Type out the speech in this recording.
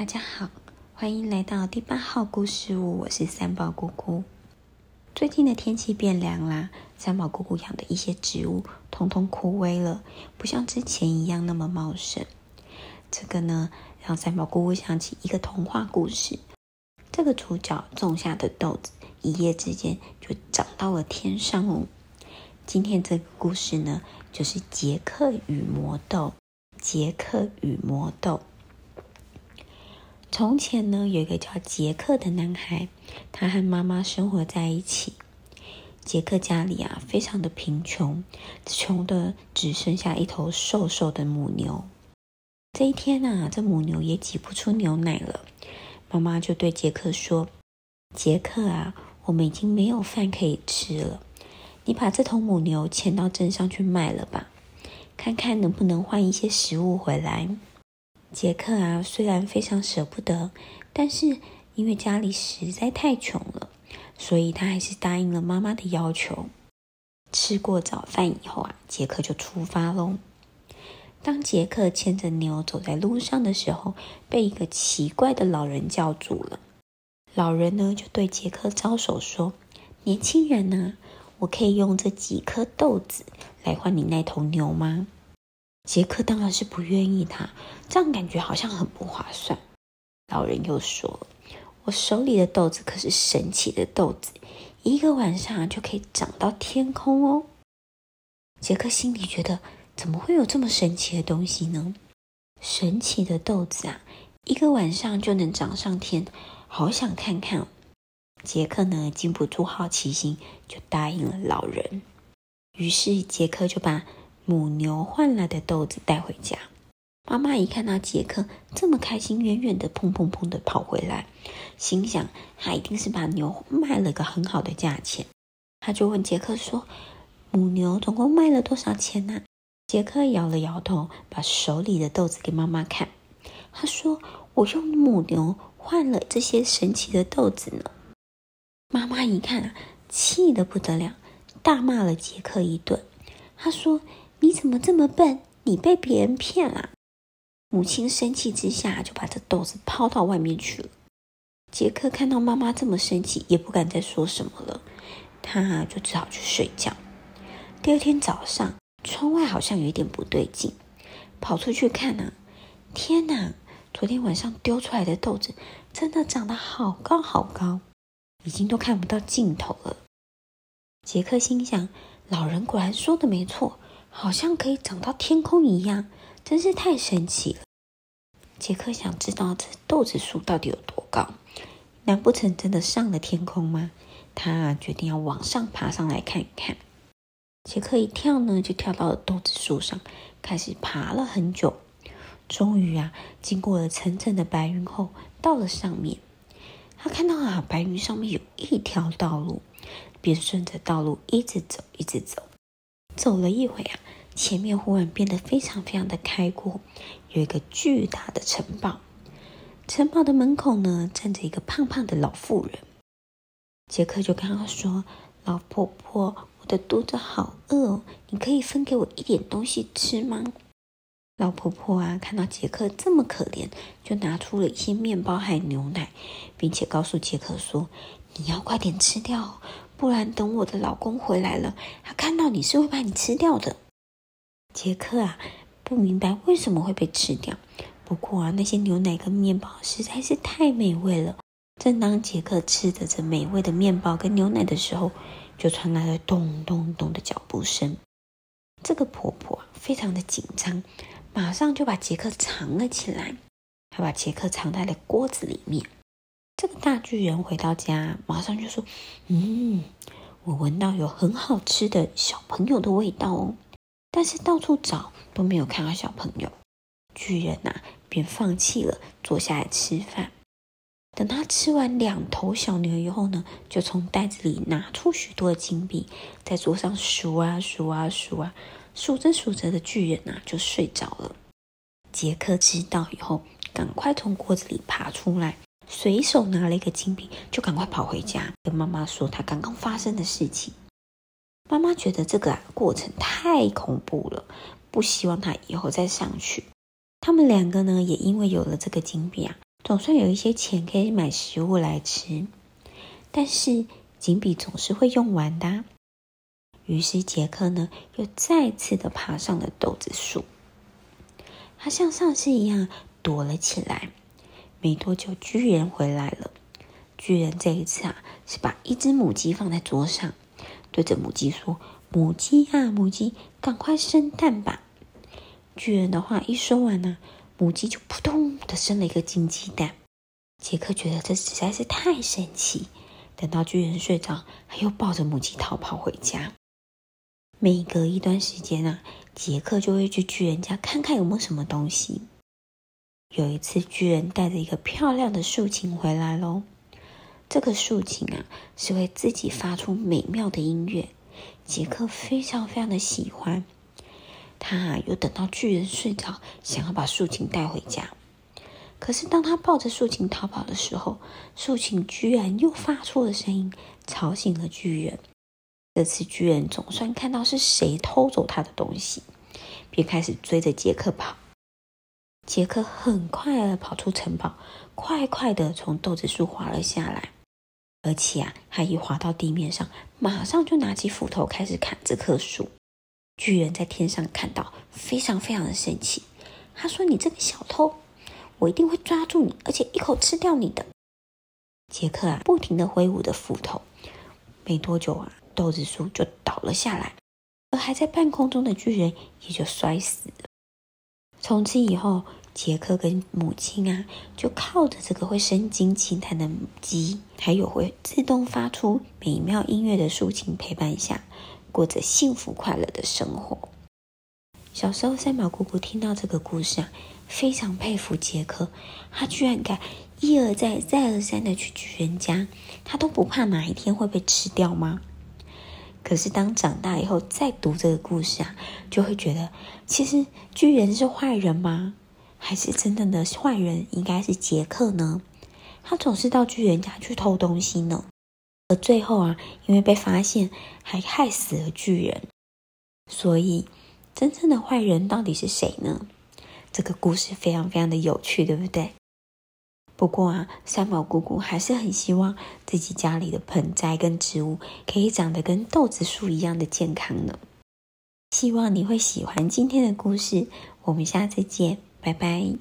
大家好，歡迎來到第八號故事屋。我是三寶姑姑。最近的天氣變涼啦，三寶姑姑養的一些植物通通枯萎了，不像之前一樣那麼茂盛。這個呢，讓三寶姑姑想起一個童話故事。這個主角種下的豆子，一夜之間就長到了天上哦。今天這個故事呢，就是《傑克與魔豆》。傑克與魔豆。從前呢，有一個叫傑克的男孩，他和媽媽生活在一起。傑克家裡啊，非常的貧窮，窮的只剩下一頭瘦瘦的母牛。這一天呢、啊，這母牛也擠不出牛奶了。媽媽就對傑克說：“傑克啊，我們已經沒有飯可以吃了，你把這頭母牛牽到鎮上去賣了吧，看看能不能換一些食物回來。”傑克啊，雖然非常捨不得，但是因為家裡實在太窮了，所以他還是答應了媽媽的要求。吃過早飯以後啊，傑克就出發嘍。當傑克牽着牛走在路上的時候，被一個奇怪的老人叫住了。老人呢，就對傑克招手說：“年輕人呢、啊，我可以用這幾顆豆子來換你那頭牛嗎？”傑克當然是不願意啊，他這樣感覺好像很不划算。老人又說：“我手裡的豆子可是神奇的豆子，一個晚上就可以長到天空哦。”傑克心裡覺得，怎麼會有這麼神奇的東西呢？神奇的豆子啊，一個晚上就能長上天，好想看看。傑克呢，禁不住好奇心，就答應了老人。於是傑克就把。母牛換來的豆子帶回家，媽媽一看到傑克這麼開心，遠遠的砰砰砰的跑回來，心想他一定是把牛賣了個很好的價錢。他就問傑克說：“母牛總共賣了多少錢啊？”傑克搖了搖頭，把手裡的豆子給媽媽看。他說：“我用母牛換了這些神奇的豆子呢。”媽媽一看，氣得不得了，大罵了傑克一頓。他說。你怎麼這麼笨？你被別人騙了，啊！母親生氣之下就把這豆子拋到外面去了。傑克看到媽媽這麼生氣，也不敢再說什麼了，他就只好去睡覺。第二天早上，窗外好像有一點不對勁，跑出去看吶，啊，天哪！昨天晚上丟出來的豆子真的長得好高好高，已經都看不到盡頭了。傑克心想：老人果然說的沒錯。好像可以長到天空一樣，真是太神奇了。傑克想知道這豆子樹到底有多高，難不成真的上了天空嗎？他啊，決定要往上爬上來看一看。傑克一跳呢，就跳到了豆子樹上，開始爬了很久。終於啊，經過了層層的白雲後，到了上面。他看到啊，白雲上面有一條道路，便順着道路一直走，一直走。走了一會啊，前面忽然變得非常非常的開闊，有一個巨大的城堡。城堡的門口呢，站着一個胖胖的老婦人。傑克就跟她說：“老婆婆，我的肚子好餓哦，你可以分給我一點東西吃嗎？”老婆婆啊，看到傑克這麼可憐，就拿出了一些麵包還有牛奶，並且告訴傑克說：“你要快點吃掉哦。”不然等我的老公回來了，他看到你是會把你吃掉的。傑克啊，不明白為什麼會被吃掉。不過啊，那些牛奶跟麵包實在是太美味了。正當傑克吃着這美味的麵包跟牛奶的時候，就傳來了咚咚咚的腳步聲。這個婆婆啊，非常的緊張，馬上就把傑克藏了起來。她把傑克藏在了鍋子裡面。這個大巨人回到家，馬上就說：“嗯，我聞到有很好吃的小朋友的味道哦。”但是到處找，都沒有看到小朋友。巨人吶、啊、便放棄了，坐下來吃飯。等他吃完兩頭小牛以後呢，就從袋子裡拿出許多的金幣，在桌上數啊，數啊，數啊，啊，數着數着的巨人吶、啊、就睡着了。傑克知道以後，趕快從鍋子裡爬出來。隨手拿了一個金幣，就趕快跑回家跟媽媽說他剛剛發生的事情。媽媽覺得這個、啊、過程太恐怖了，不希望他以後再上去。他們兩個呢，也因為有了這個金幣啊，總算有一些錢可以買食物來吃。但是金幣總是會用完的、啊，於是傑克呢，又再次的爬上了豆子樹。他像上次一樣躲了起來。沒多久，巨人回來了。巨人這一次啊，是把一隻母雞放在桌上，對着母雞說：“母雞啊母雞，趕快生蛋吧！”巨人的話一說完呢、啊，母雞就撲通的生了一個金雞蛋。傑克覺得這實在是太神奇。等到巨人睡着，他又抱着母雞逃跑回家。每隔一段時間啊，杰克就會去巨人家看看有沒有什麼東西。有一次，巨人帶着一個漂亮的豎琴回來嘍。這個豎琴啊，是為自己發出美妙的音樂。傑克非常非常的喜歡。他啊，又等到巨人睡着，想要把豎琴帶回家。可是，當他抱着豎琴逃跑的時候，豎琴居然又發出了聲音，吵醒了巨人。這次，巨人總算看到是誰偷走他的東西，便開始追着傑克跑。傑克很快地跑出城堡，快快的從豆子樹滑了下來，而且啊，他一滑到地面上，馬上就拿起斧頭開始砍這棵樹。巨人，在天上看到，非常非常的生氣。他說：“你這個小偷，我一定會抓住你，而且一口吃掉你的。”傑克啊，不停的揮舞着斧頭，沒多久啊，豆子樹就倒了下來，而還在半空中的巨人也就摔死了。從此以後，傑克跟母親啊，就靠着這個會生金雞蛋的母雞，還有會自動發出美妙音樂的豎琴陪伴下，過着幸福快樂的生活。小時候，三毛姑姑聽到這個故事啊，非常佩服傑克，他居然敢一而再、再而三的去巨人家，他都不怕哪一天會被吃掉嗎？可是當長大以後再讀這個故事啊，就會覺得，其實巨人是壞人嗎？還是真正的壞人應該是傑克呢？他總是到巨人家去偷東西呢，而最後啊，因為被發現，還害死了巨人。所以，真正的壞人到底是誰呢？這個故事非常非常的有趣，對不對？不過啊，三毛姑姑還是很希望自己家裡的盆栽跟植物可以長得跟豆子樹一樣的健康呢。希望你會喜歡今天的故事，我們下次見。拜拜。